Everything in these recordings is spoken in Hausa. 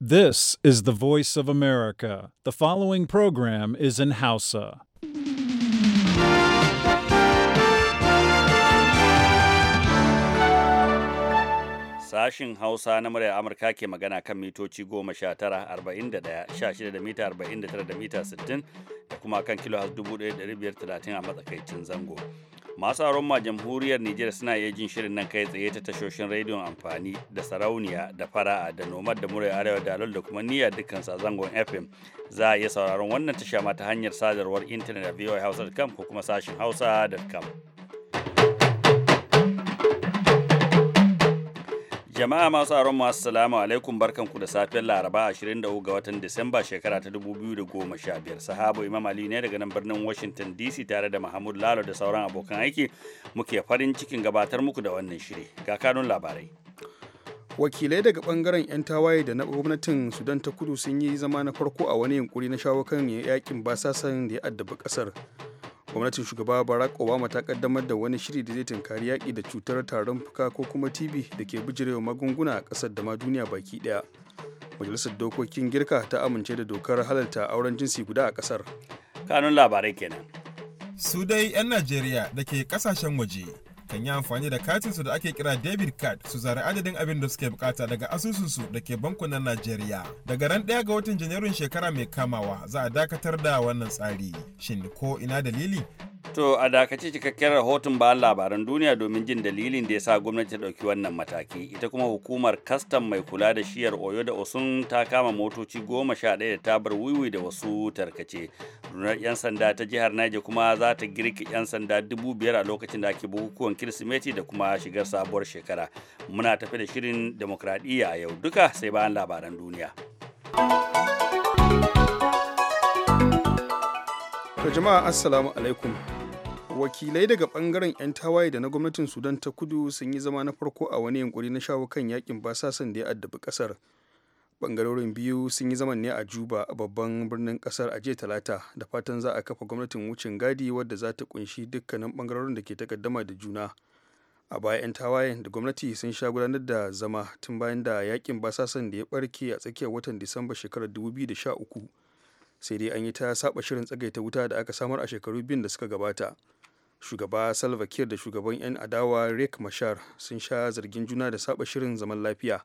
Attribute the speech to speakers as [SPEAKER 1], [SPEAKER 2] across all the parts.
[SPEAKER 1] This is the voice of America. The following program is in Hausa.
[SPEAKER 2] Sashin Hausa na murya Amurka ke magana kan mitoci goma sha tara arba'in da ɗaya sha shida da mita arba'in da tara da mita sittin da kuma kan kilo dubu ɗaya da a matsakaicin zango. masu aron ma jamhuriyar Nijar suna iya jin shirin nan kai tsaye ta tashoshin rediyon amfani da sarauniya da fara'a da nomad da murai arewa da da kuma niyyar dukkan sa zangon FM za a iya sauraron wannan tasha ma ta hanyar sadarwar intanet a hausa.com ko kuma sashin hausa.com. Jama'a masu aron masu salamu alaikum barkanku da safiyar Laraba 23 ga watan Disamba shekara ta 2015. Sahabo Imam Ali ne daga nan birnin Washington DC tare da Mahmud Lalo da sauran abokan aiki muke farin cikin gabatar muku da wannan shiri. Ga kanun labarai.
[SPEAKER 3] Wakilai daga bangaren 'yan tawaye da na gwamnatin Sudan ta kudu sun yi zama na farko a wani yunkuri na shawo kan yakin basasan da ya addabi kasar. gwamnatin shugaba barack obama ta kaddamar da wani shiri da zai tunkari yaƙi da cutar tarin fuka ko kuma tb da ke bijirewa magunguna a ƙasar da ma duniya baki ɗaya majalisar dokokin girka ta amince da dokar halarta auren jinsi guda a ƙasar kanun
[SPEAKER 2] labarai kenan
[SPEAKER 1] su dai 'yan najeriya da ke ƙasashen waje kan yi amfani da katinsu da ake kira debit card su zara adadin abin da suke bukata daga asusunsu da ke bankunan Najeriya. Daga ran daya ga watan Janairun shekara mai kamawa za a dakatar da wannan tsari. Shin ko ina dalili?
[SPEAKER 2] To a dakace cikakken rahoton bayan labaran duniya domin jin dalilin da ya sa gwamnati ta ɗauki wannan mataki. Ita kuma hukumar kastam mai kula da shiyar Oyo da Osun ta kama motoci goma sha ɗaya da ta bar wiwi da wasu tarkace. Runar 'yan sanda ta jihar Niger kuma za ta girki 'yan sanda dubu biyar a lokacin da ake bukukuwan kirsimeti da kuma shigar sabuwar shekara muna tafe da shirin demokradiyya yau duka sai bayan labaran duniya
[SPEAKER 3] to jama'a assalamu alaikum wakilai daga bangaren 'yan tawaye da na gwamnatin sudan ta kudu sun yi zama na farko a wani yankuri na shawo kan yakin basasan da ya addabi kasar bangarorin biyu sun yi zaman ne a juba babban birnin kasar a jiya talata da fatan za a kafa gwamnatin wucin gadi wadda za ta kunshi dukkanin bangarorin da ke takaddama da juna a baya 'yan tawayen da gwamnati sun sha gudanar da zama tun bayan da yakin basasan da ya barke a tsakiyar watan disamba shekarar 2013 sai dai an yi ta saba shirin tsagaita wuta da aka samar a shekaru biyun da suka gabata shugaba salva kiir da shugaban 'yan adawa rick mashar sun sha zargin juna da saba shirin zaman lafiya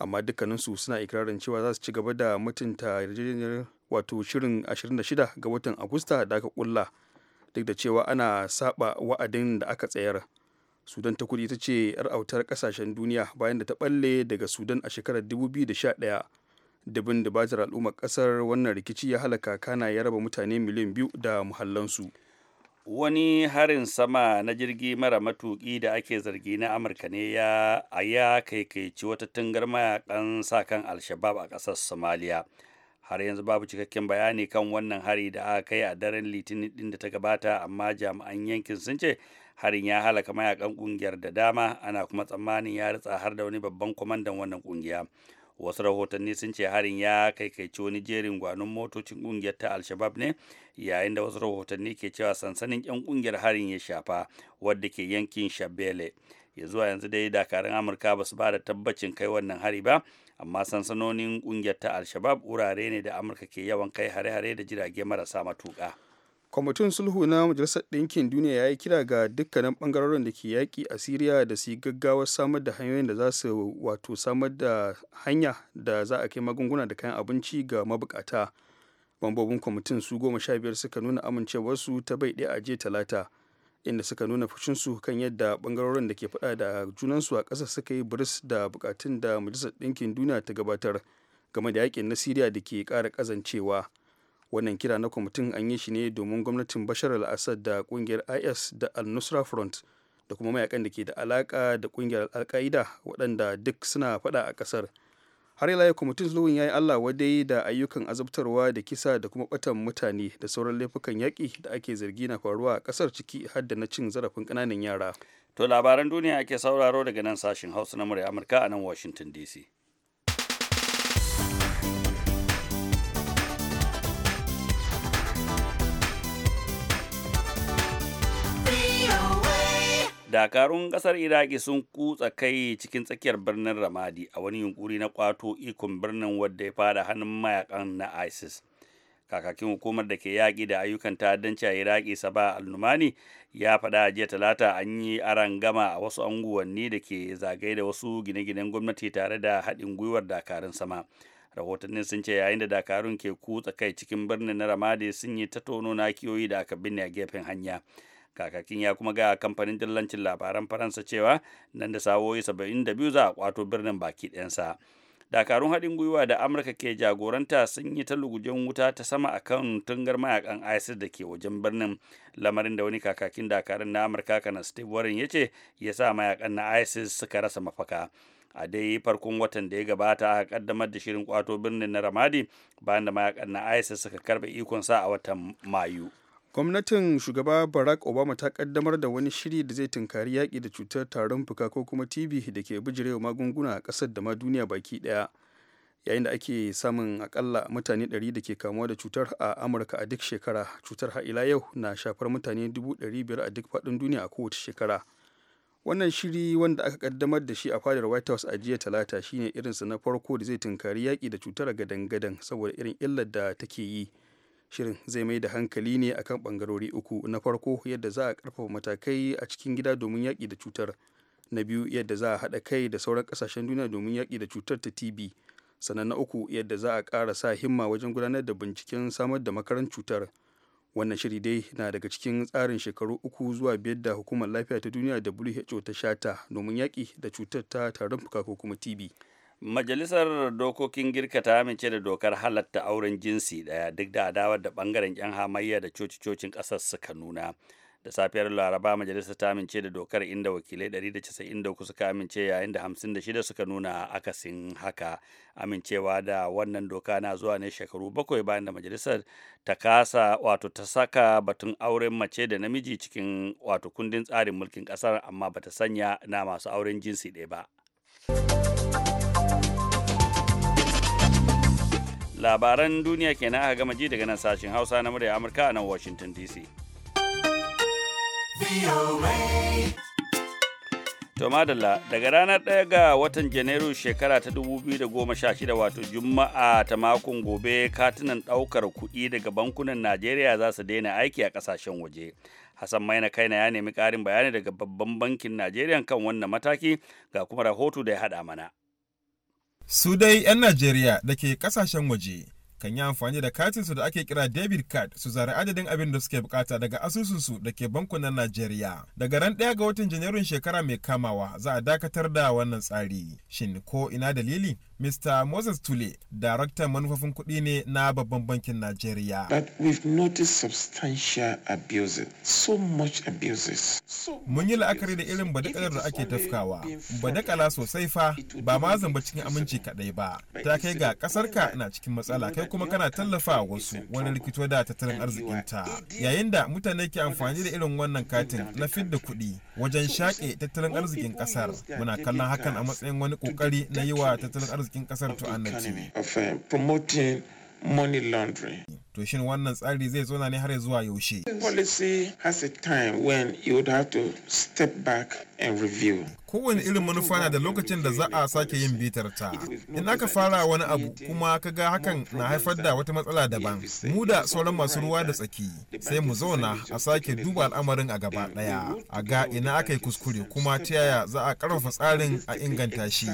[SPEAKER 3] amma dukkaninsu suna ikirarin cewa za su ci gaba da mutunta yarjejeniyar wato shirin 26 ga watan agusta da aka kulla duk da cewa ana saba wa'adin da aka tsayar sudan ta kudi ta ce yar autar kasashen duniya bayan da ta balle daga sudan a shekarar 2011 dubin bajar al'ummar kasar wannan rikici ya halaka kana ya raba mutane miliyan biyu da muhallansu
[SPEAKER 2] wani harin sama na jirgi mara matuki da ake zargi na amurka ne ya a ya wata tungar mayakan sa kan alshabab a ƙasar Somalia. har yanzu babu cikakken bayani kan wannan hari da aka kai a daren litinin din da ta gabata amma jami'an yankin sun ce harin ya halaka mayakan ƙungiyar da dama ana kuma tsammanin ya ritsa har da wani babban kwamandan wannan ƙungiya. wasu rahotanni sun ce harin ya kaikaici wani jerin gwanin motocin kungiyar ta al ne yayin da wasu rahotanni ke cewa sansanin yan kungiyar harin ya shafa wadda ke yankin shabele ya zuwa yanzu dai dakarun amurka ba su ba da tabbacin kai wannan hari ba amma sansanonin kungiyar ta alshabab wurare ne da amurka ke yawan kai hare-hare da jirage marasa matuƙa.
[SPEAKER 3] kwamitin sulhu na majalisar ɗinkin duniya ya yi kira ga dukkanin ɓangarorin da ke yaƙi a siriya da su gaggawar samar da hanyoyin da za su wato samar da hanya da za a kai magunguna da kayan abinci ga mabukata mambobin kwamitin su goma sha biyar suka nuna amincewarsu ta bai ɗaya a talata inda suka nuna fushinsu kan yadda ɓangarorin da ke faɗa da junansu a ƙasa suka yi biris da bukatun da majalisar ɗinkin duniya ta gabatar game da yaƙin na siriya da ke ƙara ƙazancewa. wannan kira na kwamitin an yi shi ne domin gwamnatin bashar al-assad da kungiyar is da al-nusra front da kuma mayakan da ke da alaka da kungiyar al-qaida waɗanda duk suna faɗa a ƙasar har ila kwamitin sulhun ya yi allah wadai da ayyukan azabtarwa da kisa da kuma batan mutane da sauran laifukan
[SPEAKER 2] yaƙi da ake zargi na faruwa a ƙasar ciki har da na cin zarafin ƙananan yara to labaran duniya ake sauraro daga nan sashen hausa na murya amurka a nan washington dc dakarun kasar iraki sun kutsa kai cikin tsakiyar birnin ramadi a wani yunkuri na kwato ikon birnin wadda ya fara hannun mayakan na isis kakakin hukumar da ke yaƙi da ayyukan ta'addanci a iraki saba al-numani ya faɗa jiya talata an yi gama a wasu anguwanni da ke zagaye da wasu gine-ginen gwamnati tare da haɗin gwiwar dakarun sama rahotannin sun ce yayin da dakarun ke kutsa kai cikin birnin na ramadi sun yi ta tono nakiyoyi da aka binne a gefen hanya kakakin ya kuma ga kamfanin dillancin labaran faransa cewa nan da sawoyi 72 za a kwato birnin baki ɗayansa dakarun haɗin gwiwa da amurka ke jagoranta sun yi ta lugujen wuta ta sama akan tungar mayakan isis da ke wajen birnin lamarin da wani kakakin dakarun na amurka kana steve warren ya ce ya sa mayakan na isis suka rasa mafaka a dai farkon watan da ya gabata aka kaddamar da shirin kwato birnin na ramadi bayan da mayakan na isis suka karbe ikon sa a watan mayu
[SPEAKER 3] gwamnatin shugaba barack obama ta kaddamar da wani shiri da zai tunkari yaƙi da cutar tarin fuka ko kuma tb da ke bijirewa magunguna a ƙasar da ma duniya baki ɗaya yayin da ake samun akalla mutane 100 da ke kamuwa da cutar a amurka a duk shekara cutar haila yau na shafar mutane 500 a duk faɗin duniya a kowace shekara wannan shiri wanda aka kaddamar da shi a fadar white house a jiya talata shine irinsa na farko da zai tunkari yaƙi da cutar gadan-gadan saboda irin illar da take yi shirin zai mai da hankali ne akan bangarori uku na farko yadda za a karfafa matakai a cikin gida domin yaƙi da cutar na biyu yadda za a haɗa kai da sauran ƙasashen duniya domin yaƙi da cutar ta tb sannan na uku yadda za a ƙara sa himma wajen gudanar da binciken samar da makaran cutar wannan shiri dai na daga cikin tsarin shekaru uku zuwa biyar da hukumar lafiya ta duniya who ta shata domin yaƙi da cutar ta tarin fuka ko kuma tb
[SPEAKER 2] Majalisar Dokokin Girka ta amince da dokar halatta auren jinsi ɗaya duk da adawar da bangaren 'yan hamayya da coci-cocin ƙasar suka nuna. Da safiyar Laraba majalisar ta amince da dokar inda wakilai 193 suka amince yayin da 56 suka nuna akasin haka. Amincewa da wannan doka na zuwa ne shekaru bakwai bayan da majalisar ta kasa wato ta saka batun auren mace da namiji cikin wato kundin tsarin mulkin kasar amma bata sanya na masu auren jinsi ɗaya ba. labaran duniya kenan aka gama ji daga nan sashen hausa na murya amurka a nan washington dc To madalla daga ranar ɗaya ga watan Janairu shekara ta da sha shida wato Juma'a ta makon gobe katunan daukar kuɗi daga bankunan Najeriya za su daina aiki a kasashen waje. Hassan Maina na ya nemi karin bayani daga babban bankin Najeriya kan wannan mataki ga kuma rahoto da ya haɗa mana.
[SPEAKER 1] Su dai 'yan Najeriya da ke ƙasashen waje kan yi amfani da katin su da ake kira debit card su zare adadin abin da suke bukata daga asusun su da ke bankunan Najeriya. Daga ran ɗaya ga watan Janairun shekara mai kamawa za a dakatar da wannan tsari. Shin ko ina dalili? Mr. Moses Tule, daraktan manufofin kuɗi ne na babban bankin Najeriya. That we've noticed substantial abuses, so much abuses. Mun yi la'akari da irin badakalar da ake tafkawa, badakala sosai fa ba ma zamba cikin aminci kaɗai ba, ta kai ga ƙasarka na cikin matsala kai kuma kana tallafa wasu wani likito da tattalin arzikinta yayin da mutane ke amfani da irin wannan katin na fidda kuɗi wajen shaƙe tattalin arzikin ƙasar muna kallon hakan a matsayin wani ƙoƙari na yi wa tattalin arzikin ƙasar tu'annaci money laundering. To shin wannan tsari zai zo ne har zuwa yaushe? Policy has a time when you would have to step back and review. Kowane irin manufa na da lokacin da za a sake yin bitar ta. In aka fara wani abu kuma ka ga hakan na haifar da wata matsala daban. Mu da sauran masu ruwa da tsaki sai mu zauna a sake duba al'amarin a gaba daya. A ga ina aka yi kuskure kuma ta yaya za a karfafa tsarin a inganta shi.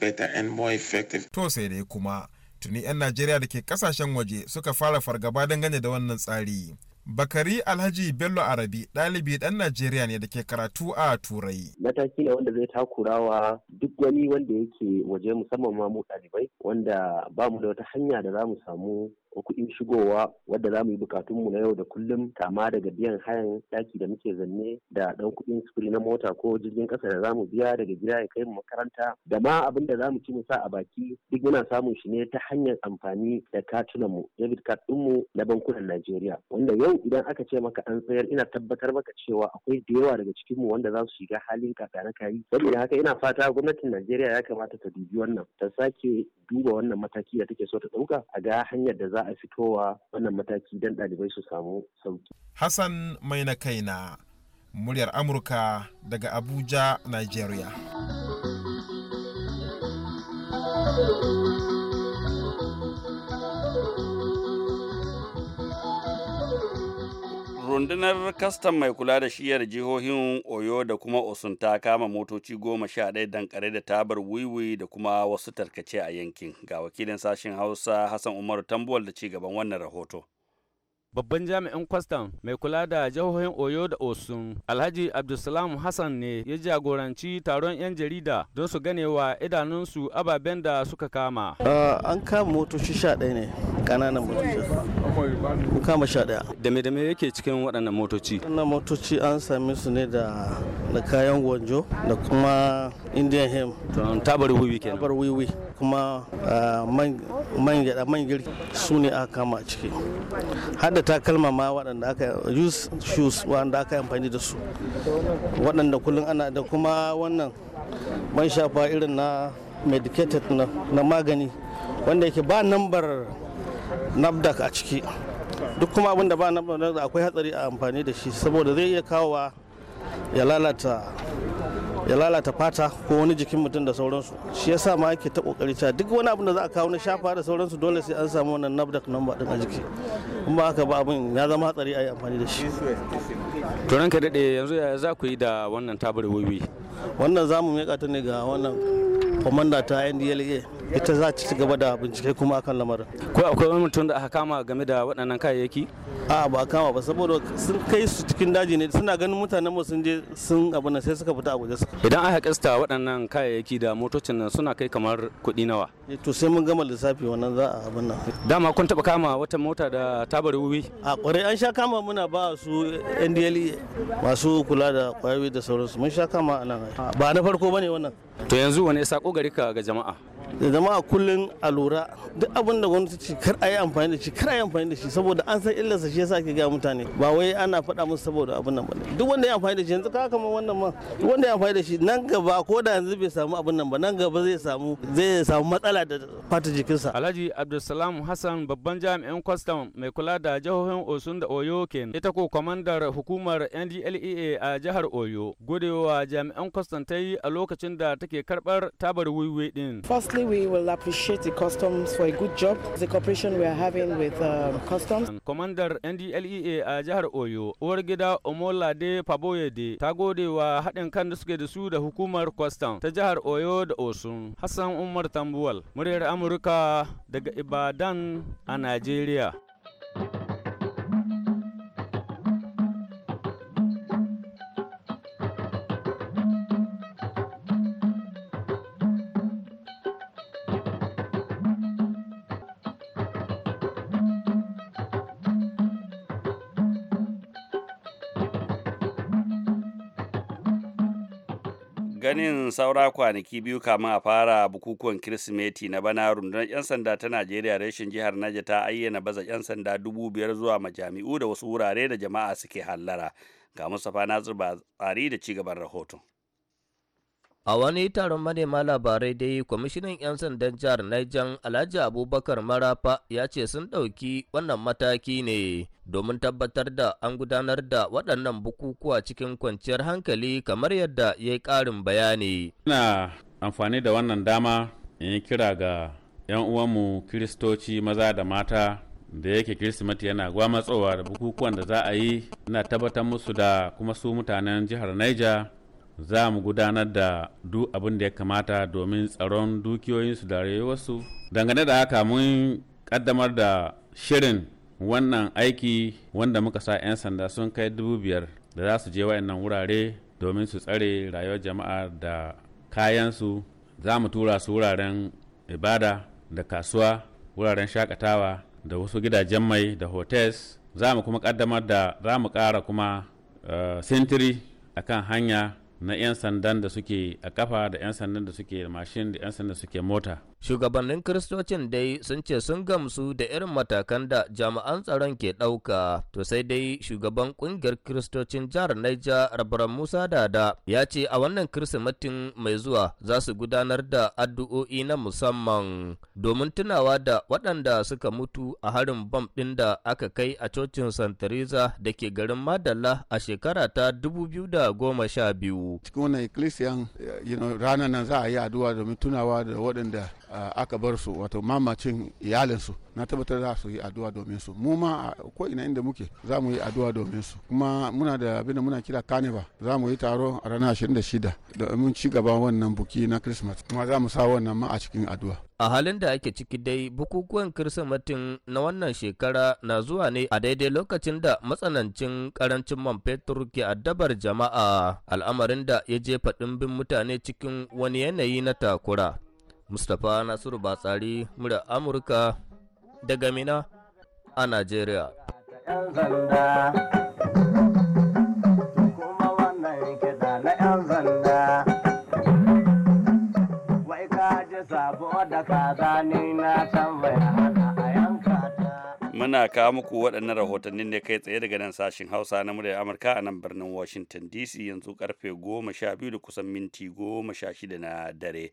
[SPEAKER 1] better To sai dai kuma tuni 'yan najeriya da ke kasashen waje suka fara fargaba dangane da wannan tsari Bakari Alhaji Bello Arabi ɗalibi ɗan Najeriya ne da ke karatu a Turai.
[SPEAKER 4] Mataki ne wanda zai takura wa duk wani wanda yake waje musamman ma mu ɗalibai wanda ba mu da wata hanya da za mu samu ko kuɗin shigowa wadda za mu yi bukatunmu na yau da kullum kama daga biyan hayan ɗaki da muke zanne da ɗan kuɗin sufuri na mota ko jirgin ƙasa da za mu biya daga gida ya kai mu makaranta da ma abin da za mu ci mu sa a baki duk muna samun shi ne ta hanyar amfani da katunanmu debit card ɗinmu na bankunan Najeriya wanda yau idan aka ce maka an tsayar ina tabbatar maka cewa akwai da yawa daga cikinmu wanda za su shiga halin kaka na kayi saboda haka ina fata gwamnatin Najeriya ya kamata ta dubi wannan ta sake duba wannan mataki da take so ta ɗauka a ga hanyar da za a fitowa wannan mataki don ɗalibai su
[SPEAKER 1] samu sauki. Hassan mai na kaina muryar Amurka daga Abuja, Nigeria.
[SPEAKER 2] rundunar kastan mai kula da shiyar jihohin oyo da kuma osun ta kama motoci goma sha ɗaya dankare da tabar wiwi da kuma wasu tarkace a yankin ga wakilin sashen hausa hassan umaru tambuwal da ci gaban wannan rahoto
[SPEAKER 5] Babban jami'in kwastam mai kula da jihohin Oyo da Osun, Alhaji Abdulsalam Hassan ne ya jagoranci taron 'yan jarida don su ganewa idanunsu ababen da suka kama.
[SPEAKER 6] Ah, an kama motoci sha ɗaya ne, ƙananan
[SPEAKER 1] motoci.
[SPEAKER 6] An kama sha ɗaya. Dame
[SPEAKER 5] dame yake cikin waɗannan motoci?
[SPEAKER 6] Waɗannan motoci an same su ne da kayan wanjo, da kuma Indian hem. Tabar wiwi kenan. Tabar wiwi. kuma ah, man girki su ne aka kama a ciki hada takalma ma waɗanda aka use shoes waɗanda aka amfani da su waɗanda kullum ana da kuma wannan man shafa irin na medicated na magani wanda yake ba nambar nafdak a ciki duk kuma abin da ba nambar akwai hatsari a amfani da shi saboda zai iya kawowa ya lalata ya lalata fata ko wani jikin mutum da sauransu shi yasa ma yake ta kokari ta duk wani abin da za a kawo na shafa da sauransu dole sai an samu wannan nabdak number din a jiki in ba haka ba abin ya zama hatsari a yi amfani da shi to ranka dade yanzu ya za ku yi da wannan tabar wiwi wannan zamu mika ta ne ga wannan komanda ta NDLA ita za ta ci gaba da bincike kuma akan lamarin ko akwai wani mutum da aka kama game da waɗannan kayayyaki a ba kama ba saboda sun kai su cikin daji ne suna ganin mutanen mu sun je sun abu nan sai suka fita abu da suka
[SPEAKER 5] idan aka kasta waɗannan kayayyaki da motocin nan suna kai kamar kuɗi nawa
[SPEAKER 6] e, to sai mun gama lissafi wannan za a abin nan dama kun taɓa kama wata mota da bari wuwi a ƙwarai an sha kama muna ba su NDLE masu kula da ƙwayoyi da sauransu mun sha kama a nan ba na farko bane wannan to yanzu wani sako gari ka ga jama'a da zama a kullun a lura duk abin da gwamnati ce kar a yi amfani da shi kar a yi amfani da shi saboda an san illarsa shi yasa ake ga mutane ba wai ana faɗa musu saboda abin nan ba duk wanda ya amfani da shi yanzu ka kamar wannan ma duk wanda ya amfani da shi nan gaba ko da yanzu bai samu abin nan ba nan gaba zai samu zai samu matsala da fata jikinsa
[SPEAKER 5] Alhaji Abdulsalam Hassan babban jami'in kwastam mai kula da jihohin Osun da Oyo ken ita ko kwamandar hukumar NDLEA a jihar Oyo gudewa jami'an kwastam ta yi a lokacin da take karbar tabar wiwi din
[SPEAKER 6] First Firstly, we will appreciate the customs for a good job, the cooperation we are having with um, customs.
[SPEAKER 5] Commander NDLEA a jihar Oyo, uwar gida Omolade Faboyede ta gode wa haɗin kan da suke da su da hukumar kwastam ta jihar Oyo da Osun. Hassan Umar Tambuwal, muryar Amurka daga Ibadan a Najeriya.
[SPEAKER 2] ganin saura kwanaki biyu kamun a fara bukukuwan kirsimeti na bana rundunar 'yan sanda ta najeriya rashin jihar naja ta ayyana baza 'yan sanda dubu biyar zuwa majami'u da wasu wurare da jama'a suke hallara ga mustapha nazir ba tsari da cigaban rahoton
[SPEAKER 7] A wani taron manema labarai dai kwamishinan 'yan sandan jihar Niger Alhaji Abubakar Marafa ya ce sun ɗauki wannan mataki ne domin tabbatar da an gudanar da waɗannan bukukuwa cikin kwanciyar hankali kamar yadda ya yi ƙarin bayani. Ina amfani da wannan dama in yi kira ga
[SPEAKER 5] 'yan uwanmu kiristoci maza da mata da yake kirsimati yana gwamatsowa da bukukuwan da za a yi ina tabbatar musu da kuma su mutanen jihar Niger za mu gudanar da duk abin da ya kamata domin tsaron dukiyoyinsu da rayuwarsu dangane da haka mun kaddamar da shirin wannan aiki wanda muka sa 'yan sanda sun kai dubu biyar da za su je wayannan wurare domin su tsare rayuwar jama'a da kayansu za mu tura su wuraren ibada da kasuwa wuraren shakatawa da wasu gidajen mai da hotels za mu kuma kaddamar da za mu kara kuma eh, sintiri a kan hanya na 'yan
[SPEAKER 7] sandan da suke a kafa da 'yan sandan da suke mashin da 'yan sandan da suke mota Shugabannin Kiristocin dai sun ce sun gamsu da irin matakan da jami'an tsaron ke ɗauka, to sai dai shugaban ƙungiyar Kiristocin jihar Naija Rabaran Musa Dada ya ce a wannan kirsimatin mai zuwa za su gudanar da addu'o'i na musamman domin tunawa da waɗanda suka mutu a harin bam ɗin da aka kai a cocin santariza da ke garin Madalla a shekara ta 2012. Cikin wannan
[SPEAKER 1] ikkilisiyan ranar nan za a yi addu'a domin tunawa da waɗanda aka bar su wato mamacin iyalinsu na tabbatar za su yi addu'a domin su mu ma ko ina inda muke za mu yi addu'a domin su kuma muna da abin da muna kira kaneva za mu yi taro a ranar ashirin da shida domin ci gaba wannan buki na christmas kuma za mu sa wannan ma a cikin addu'a a halin da ake
[SPEAKER 7] ciki dai bukukuwan kirsimatin na wannan shekara na zuwa ne a daidai lokacin da matsanancin karancin man fetur ke addabar jama'a al'amarin da ya jefa ɗimbin mutane cikin wani yanayi na takura Mustapha Nasiru Batsari murya Amurka daga Mina a Najeriya.
[SPEAKER 2] Muna kawo muku waɗannan rahotannin ne kai tsaye daga nan sashen Hausa na muryar Amurka a nan birnin Washington DC yanzu karfe goma sha biyu da kusan minti goma sha shida na dare.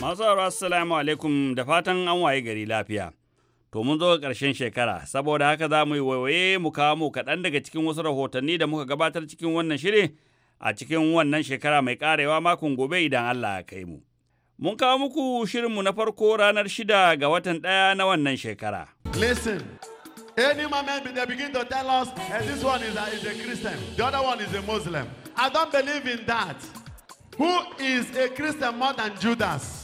[SPEAKER 2] Masu sauraro assalamu alaikum da fatan an waye gari lafiya. To mun zo ga ƙarshen shekara, saboda haka za mu yi waiwaye mu kawo mu kaɗan daga cikin wasu rahotanni da muka gabatar cikin wannan shirin a cikin wannan shekara mai ƙarewa makon gobe idan Allah ya kai mu. Mun kawo muku shirinmu na farko ranar shida ga watan ɗaya na wannan shekara. Listen,
[SPEAKER 5] any moment they begin to tell us hey, this one a, is a Christian, the
[SPEAKER 2] other one is a Muslim. I don't believe in that. Who is a Christian more than Judas?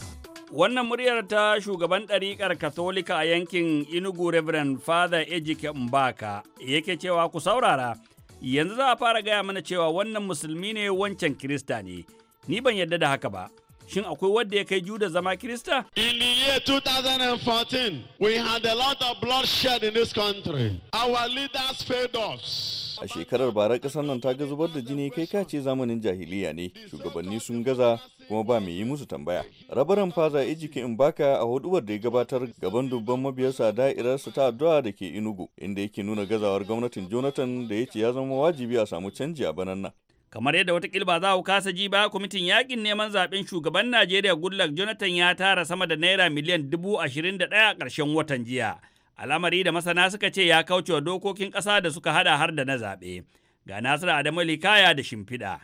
[SPEAKER 2] Wannan muryar ta shugaban ɗariƙar Katolika a yankin Inugu Reverend Father Ejike Mbaka yake cewa ku saurara, yanzu za a fara gaya mana cewa wannan musulmi ne wancan Kirista ne, ni ban yadda da haka ba. Shin akwai wanda ya kai Juda zama Kirista? In the year 2014, we had a lot of
[SPEAKER 4] bloodshed in this country. Our leaders failed us.
[SPEAKER 8] a shekarar bara kasar nan ta ga zubar da jini kai kace zamanin jahiliya ne shugabanni sun gaza kuma ba mai yi musu tambaya rabaran faza ejike baka a huduwar da ya gabatar gaban dubban mabiyarsa da'irarsa ta addu'a da ke inugu inda yake nuna gazawar gwamnatin jonathan da ya ce ya zama wajibi a samu canji a banan nan
[SPEAKER 2] kamar yadda wata ba za ku kasa ji ba kwamitin yakin neman zaben shugaban najeriya goodluck jonathan ya tara sama da naira miliyan dubu ashirin da ɗaya ƙarshen watan jiya al'amari da masana suka ce ya wa dokokin ƙasa da suka hada har da na zaɓe. Ga Nasiru Adamu Likaya da Shimfiɗa.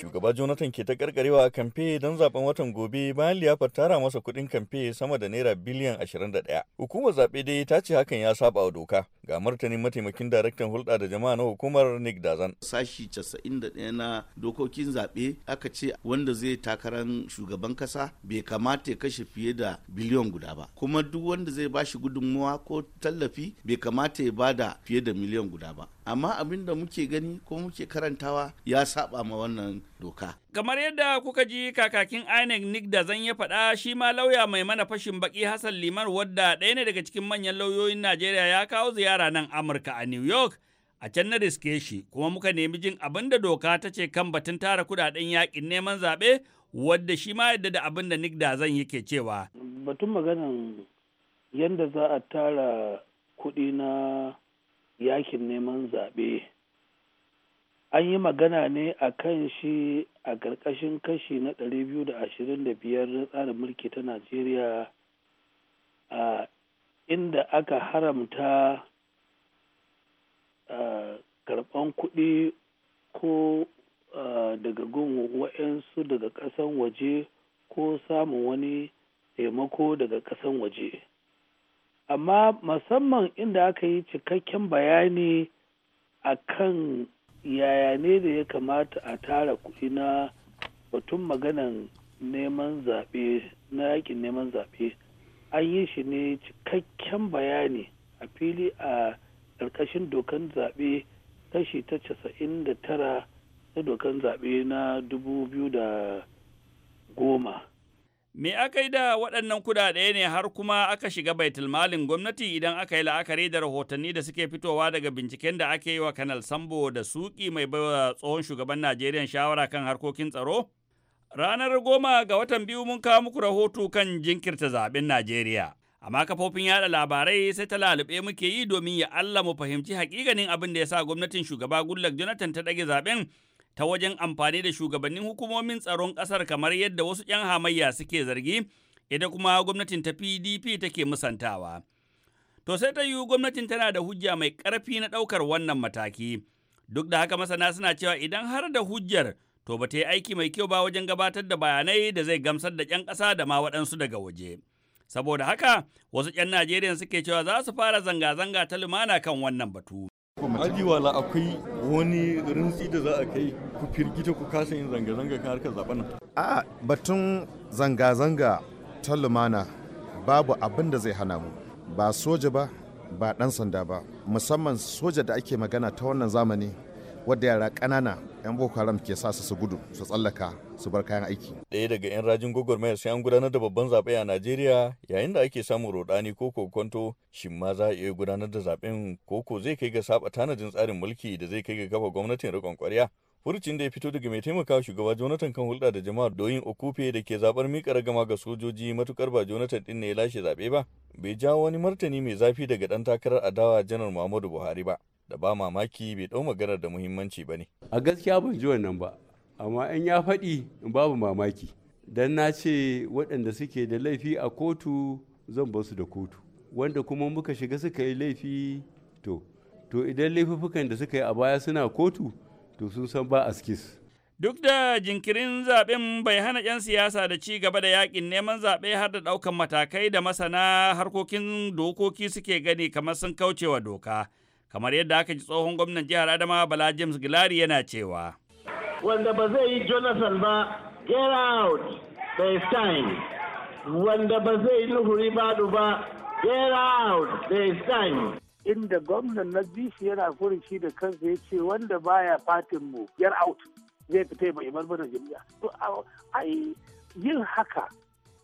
[SPEAKER 8] shugaba jonathan ke ta karkarewa a kamfe don zaben watan gobe bayan liyafar tara masa kuɗin kamfe sama da naira biliyan 21 hukumar zaɓe dai ta ce hakan ya saba wa doka ga martanin mataimakin
[SPEAKER 6] daraktan hulɗa da jama'a na hukumar nick dazan sashi 91 na dokokin zaɓe aka ce wanda zai takarar shugaban kasa bai kamata ya kashe fiye da biliyon guda ba kuma duk wanda zai bashi gudunmawa ko tallafi bai kamata ya bada fiye da miliyan guda ba amma abin da muke gani ko muke karantawa ya saba ma wannan doka.
[SPEAKER 2] Kamar yadda kuka ji kakakin INEC Nick da zan ya faɗa shi ma lauya mai mana fashin baki Hassan Liman wadda ɗaya ne daga cikin manyan lauyoyin Najeriya ya kawo ziyara nan Amurka a New York. A can na riske shi kuma muka nemi jin abin da doka ta ce kan batun tara kudaden yakin neman zaɓe wadda shi ma yadda da abin da Nick da zan yake cewa.
[SPEAKER 4] Batun maganan yadda za a tara kuɗi na yakin neman zaɓe an yi magana ne a kan shi a ƙarƙashin kashi na 225 na tsarin mulki ta najeriya a inda aka haramta karɓan kuɗi ko daga gun wa'yansu daga ƙasan waje ko samun wani taimako daga ƙasan waje amma musamman inda aka yi cikakken bayani a kan yaya ne da ya kamata a tara kuɗi na batun maganan neman zaɓe na yakin neman zaɓe an yi shi ne cikakken bayani a fili a ƙarƙashin dokan zaɓe kashi ta casa'in da tara na dokan zaɓe na dubu
[SPEAKER 2] Me aka yi da waɗannan kuɗaɗe ne har kuma aka shiga baitulmalin gwamnati idan aka yi la'akari da rahotanni da suke fitowa daga binciken da ake yi wa Kanal Sambo da Suki mai baiwa tsohon shugaban Najeriya shawara kan harkokin tsaro? Ranar goma ga watan biyu mun kawo muku rahoto kan jinkirta zaɓen Najeriya. Amma kafofin yada labarai sai ta lalube muke yi domin ya Allah mu fahimci hakikanin abin da ya sa gwamnatin shugaba Gullak Jonathan ta ɗage zaɓen ta wajen amfani da shugabannin hukumomin tsaron ƙasar kamar yadda wasu 'yan hamayya suke zargi, ita kuma gwamnatin ta PDP take musantawa. To sai ta yiwu gwamnatin tana da hujja mai ƙarfi na ɗaukar wannan mataki. Duk da haka masana suna cewa idan har da hujjar to ba ta yi aiki mai kyau ba wajen gabatar da bayanai da zai gamsar da 'yan ƙasa da ma waɗansu daga waje. Saboda haka, wasu 'yan Najeriya suke cewa za su fara zanga-zanga ta lumana kan wannan batu.
[SPEAKER 8] wala akwai
[SPEAKER 1] wani rintsi
[SPEAKER 8] da za a kai ku firgita ku kasa yin zanga-zanga kan harkar zaɓen nan.
[SPEAKER 1] A batun zanga-zanga ta lumana babu abin da zai hana mu ba soja ba ba ɗan sanda ba musamman soja da ake magana ta wannan zamani wadda yara kanana 'yan boko haram ke sa su gudu su tsallaka su bar kayan aiki.
[SPEAKER 8] Ɗaya daga 'yan rajin gwagwarmayar sai an gudanar da babban zaɓe a Najeriya yayin da ake samun roɗani ko kokonto shin ma za a iya gudanar da zaɓen koko zai kai ga saba tanadin tsarin mulki da zai kai ga kafa gwamnatin riƙon ƙwarya. furucin da ya fito daga mai taimaka shugaba jonathan kan hulɗa da jama'a doyin okufe da ke zaɓar miƙa ragama ga sojoji matukar ba jonathan din ne ya lashe zaɓe ba bai jawo wani martani mai zafi daga ɗan takarar adawa janar muhammadu buhari ba da ba mamaki bai ɗau maganar da muhimmanci ba ne. A gaskiya ban ji wannan ba, amma in
[SPEAKER 5] ya faɗi babu mamaki. Dan na ce waɗanda suke da laifi a kotu zan basu da kotu. Wanda kuma muka shiga suka yi laifi to, to idan laifukan da suka yi a baya suna kotu to sun san ba askis.
[SPEAKER 2] Duk da jinkirin zaben bai hana 'yan siyasa da ci gaba da yakin neman zaɓe har da ɗaukan matakai da masana harkokin dokoki suke gani kamar sun kaucewa doka. kamar yadda aka ji tsohon gwamnan jihar Adamawa Bala James Gilari yana cewa.
[SPEAKER 6] Wanda ba zai yi Jonathan ba, get out, they is Wanda ba zai yi
[SPEAKER 4] Nuhuri Badu ba, get out, they is Inda gwamnan na bishi yana shi da kansa ya ce wanda baya fatin mu, get out, zai fita mai marmarin jami'a. Ai, yin haka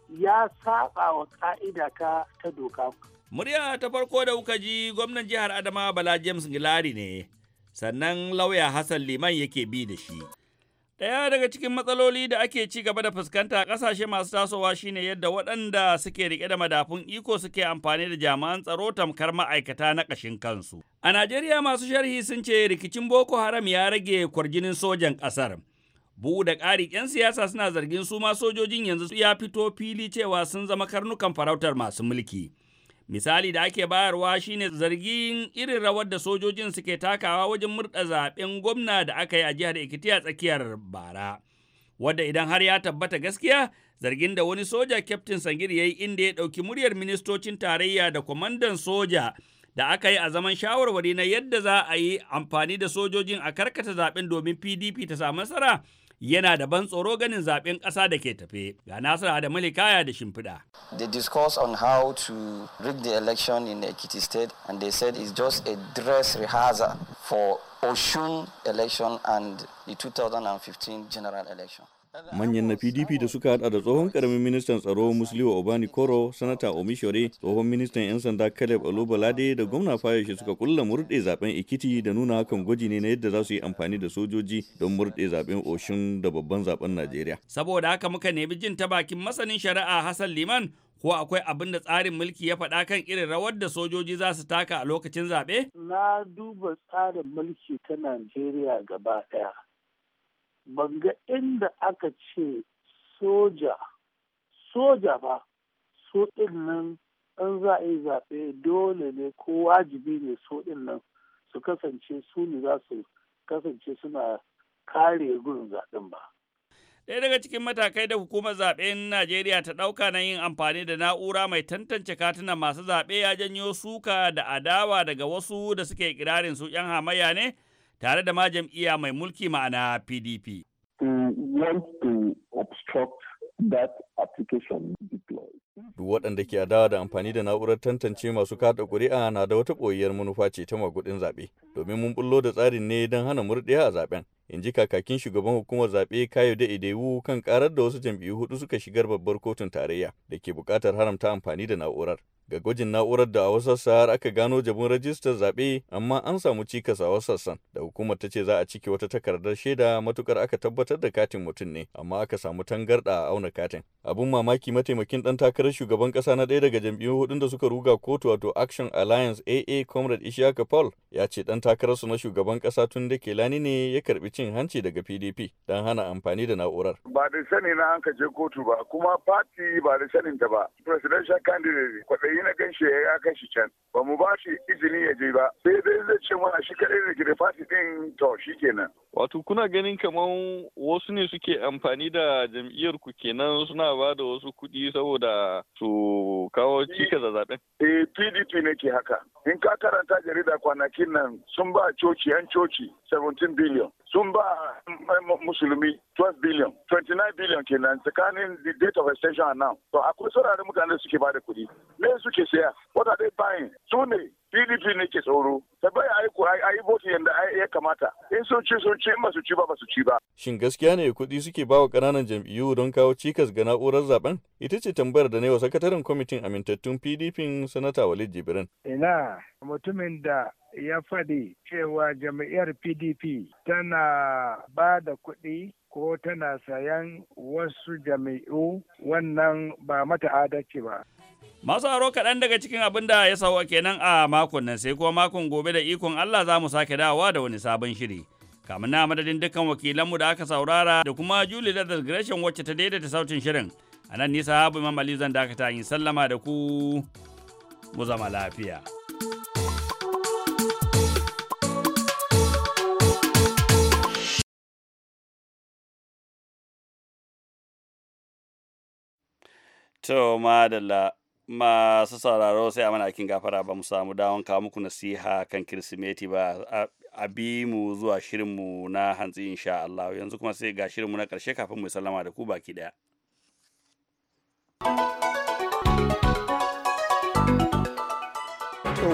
[SPEAKER 4] ya saba wa ka'ida ta doka
[SPEAKER 2] Murya ta farko da kuka ji gwamnan jihar Adama Bala James Gilari ne, sannan lauya Hassan Liman yake bi da shi. Ɗaya daga cikin matsaloli da ake ci gaba da fuskanta a masu tasowa shine yadda waɗanda suke rike da madafun iko suke amfani da jami'an tsaro tamkar ma'aikata na ƙashin kansu. A Najeriya masu sharhi sun ce rikicin Boko Haram ya rage kwarjinin sojan ƙasar. Bugu da ƙari 'yan siyasa suna zargin su ma sojojin yanzu ya fito fili cewa sun zama karnukan farautar masu mulki. Misali da ake bayarwa shine zargin irin rawar da sojojin suke takawa wajen murɗa zaɓen gwamna da aka yi a jihar Ekiti a tsakiyar bara. Wadda idan har ya tabbata gaskiya, zargin da wani soja Kyaftin Sangiri ya yi inda ya ɗauki muryar ministocin tarayya da kwamandan soja da aka yi a zaman shawarwari na yadda za a yi amfani da sojojin a karkata zaɓen domin PDP ta samu nasara. yana da ban tsoro ganin zaben ƙasa da ke tafe ga nasara da malikaya da shimfiɗa. They discuss on how to rig the election in Ekiti state and they said it's just a dress rehearsal for Oshun election and the 2015 general election.
[SPEAKER 8] manyan na pdp da suka hada da tsohon karamin ministan tsaro musliwa obani koro sanata omishore tsohon ministan yan sanda caleb alobalade da gwamna fayoshi suka kulla murɗe zaben ikiti da nuna hakan gwaji ne na yadda za su yi amfani da sojoji don murɗe zaben oshin da babban zaben najeriya
[SPEAKER 2] saboda haka muka nemi jin ta bakin masanin shari'a hassan liman ko akwai abin da tsarin mulki ya faɗa kan irin rawar da sojoji za su taka a lokacin zaɓe?
[SPEAKER 4] Na duba tsarin mulki ta Najeriya gaba ɗaya. ban ga inda aka ce soja soja ba so ɗin nan an za a yi zaɓe dole ne ko wajibi ne so ɗin nan su kasance su ne za su kasance suna kare gudun zaɓen ba.
[SPEAKER 2] Ɗaya daga cikin matakai da hukumar zaɓen Najeriya ta ɗauka na yin amfani da na'ura mai tantance katunan masu zaɓe ya janyo suka da adawa daga wasu da suke kirarin su ‘yan hamayya ne tare da ma jam'iyya mai mulki ma'ana PDP.
[SPEAKER 4] Mm,
[SPEAKER 8] Duk waɗanda ke adawa da amfani da na'urar tantance masu kada ƙuri'a na da wata ɓoyiyar manufa ce ta magudin zaɓe, domin mun bullo da tsarin ne don hana murɗiya a zaɓen. in ji kakakin shugaban hukumar zaɓe da idewu kan ƙarar da wasu jam'iyyu hudu suka shigar babbar kotun tarayya da ke buƙatar haramta amfani da na'urar ga gwajin na'urar da a wasu sassa aka gano jabin rajistar zaɓe amma an samu cikas a wasu sassan da hukumar ta ce za a cike wata takardar shaida matukar aka tabbatar da katin mutum ne amma aka samu tangarɗa a auna katin abun mamaki mataimakin ɗan takarar shugaban kasa na ɗaya daga jam'iyyun hudun da suka ruga kotu wato action alliance aa comrade ishaka paul ya ce ɗan su na shugaban kasa tun da lani ne ya karbi cin hanci daga pdp don hana amfani da na'urar
[SPEAKER 4] ba da sani na an kaje kotu ba kuma fati ba da ta ba presidential candidate yi na gan shi ya kai shi can ba mu ba shi izini ya je ba sai dai zai ce mana shi kadai da ke fati din to shi kenan
[SPEAKER 8] wato kuna ganin kamar wasu ne suke amfani da jam'iyyar ku kenan suna ba da wasu kuɗi saboda su kawo eh, cika zaɓen
[SPEAKER 4] eh PDP ne ke haka in ka karanta jarida kwanakin nan sun ba coci yan coci 17 billion sun ba eh, musulmi 12 billion 29 billion kenan tsakanin the date of extension and now to akwai sauraren mutane suke ba da kuɗi me suke saya what are they buying su ne pdp ne ke tsoro ta bai a yi boti yadda ya kamata in sun ci sun ci in ba su ci ba ba su ci ba.
[SPEAKER 8] shin gaskiya ne kuɗi suke ba wa ƙananan jam'iyyu don kawo cikas ga na'urar zaben ita ce tambayar da na wa sakataren kwamitin amintattun pdp sanata walid jibrin.
[SPEAKER 4] ina mutumin da ya faɗi cewa jam'iyyar pdp tana ba da kuɗi ko tana sayan wasu jami'u wannan ba mata adalci ba.
[SPEAKER 2] Masu aro kaɗan daga cikin abin da ya sauwa kenan a makon nan sai kuma makon gobe da ikon Allah za mu sake dawowa da wani sabon shiri. Kamun na madadin dukkan wakilanmu da aka saurara da kuma Julie da Gresham wacce ta daidaita sautin shirin. A nan nisa Habu Imam Ali zan dakata yin sallama da ku mu zama lafiya. To madalla masu sauraro sai a mana kin gafara ba mu samu dawon kawo muku nasiha kan kirsimeti ba a bi mu zuwa shirinmu na hantsi insha Allah yanzu kuma sai ga shirinmu na ƙarshe kafin mu sallama da ku baki ɗaya.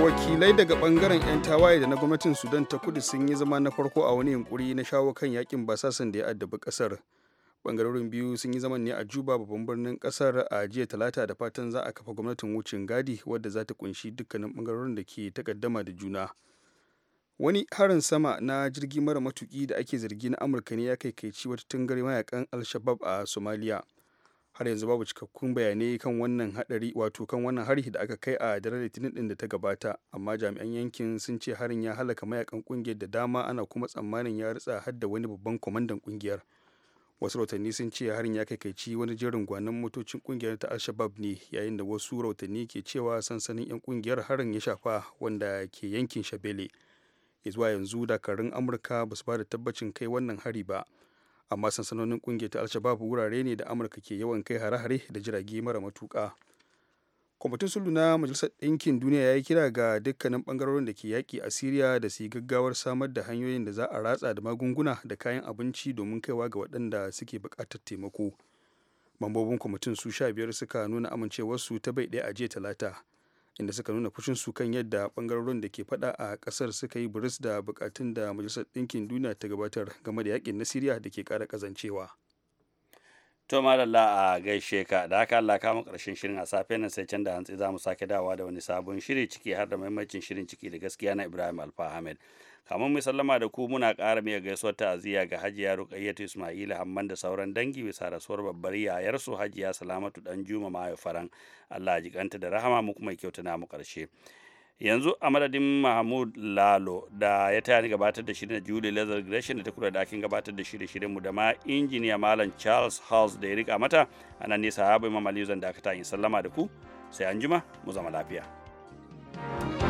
[SPEAKER 3] wakilai daga bangaren 'yan tawaye da na gwamnatin sudan ta kudu sun yi zama na farko a wani yunkuri na shawo kan yakin basasan da ya addabi kasar bangarorin biyu sun yi zaman ne a juba babban birnin kasar a jiya talata da fatan za a kafa gwamnatin wucin gadi wadda za ta kunshi dukkanin bangarorin da ke takaddama da juna wani harin sama na jirgi mara matuki da ake zargi na amurka ne ya kai kai ci wata tungare mayakan alshabab a somalia har yanzu babu cikakkun bayanai kan wannan hadari wato kan wannan hari da aka kai a daren litinin din da ta gabata amma jami'an yankin sun ce harin ya halaka mayakan kungiyar da dama ana kuma tsammanin ya ritsa hadda wani babban kwamandan kungiyar wasu rautanni sun ce harin ya kaikaici wani jerin gwanon motocin kungiyar ta alshabab ne yayin da wasu rautanni ke cewa sansanin 'yan kungiyar harin ya shafa wanda ke yankin shabele zuwa yanzu dakarun amurka ba su ba da tabbacin kai wannan hari ba amma sansanonin kungiyar ta al wurare ne da amurka ke yawan kai hare-hare da jirage mara matuka kwamitin sulhu na majalisar ɗinkin duniya ya yi kira ga dukkanin ɓangarorin da ke yaƙi a siriya da su yi gaggawar samar da hanyoyin da za a ratsa da magunguna da kayan abinci domin kaiwa ga waɗanda suke buƙatar taimako mambobin kwamitin su sha biyar suka nuna amincewarsu ta bai ɗaya a jiya talata inda suka nuna fushin su kan yadda ɓangarorin da ke faɗa a ƙasar suka yi buris da buƙatun da majalisar ɗinkin duniya ta gabatar game da yaƙin na siriya da ke ƙara ƙazancewa.
[SPEAKER 2] to madalla a gaishe ka da haka Allah ka mu karshen shirin a safe nan sai can da hantsi za mu sake dawa da wani sabon shiri ciki har da maimacin shirin ciki da gaskiya na Ibrahim Alfa Ahmed kamar mu sallama da ku muna ƙara mai gaisuwar ta'aziyya ga Hajiya Ruqayyatu Ismaila Hamman da sauran dangi bisa rasuwar babbar yayar su Hajiya Salamatu Danjuma Mayo Faran Allah ya jikanta da rahama mu kuma kyauta na mu karshe yanzu a madadin mahmud lalo da ya taya ni gabatar da shirin julie lazar gresham da ta kula da akin gabatar da shirye shirin mu da ma injiniya malam charles house da ya rika mata a nan nesa habu imam zan dakata in sallama da ku sai an jima mu zama lafiya thank you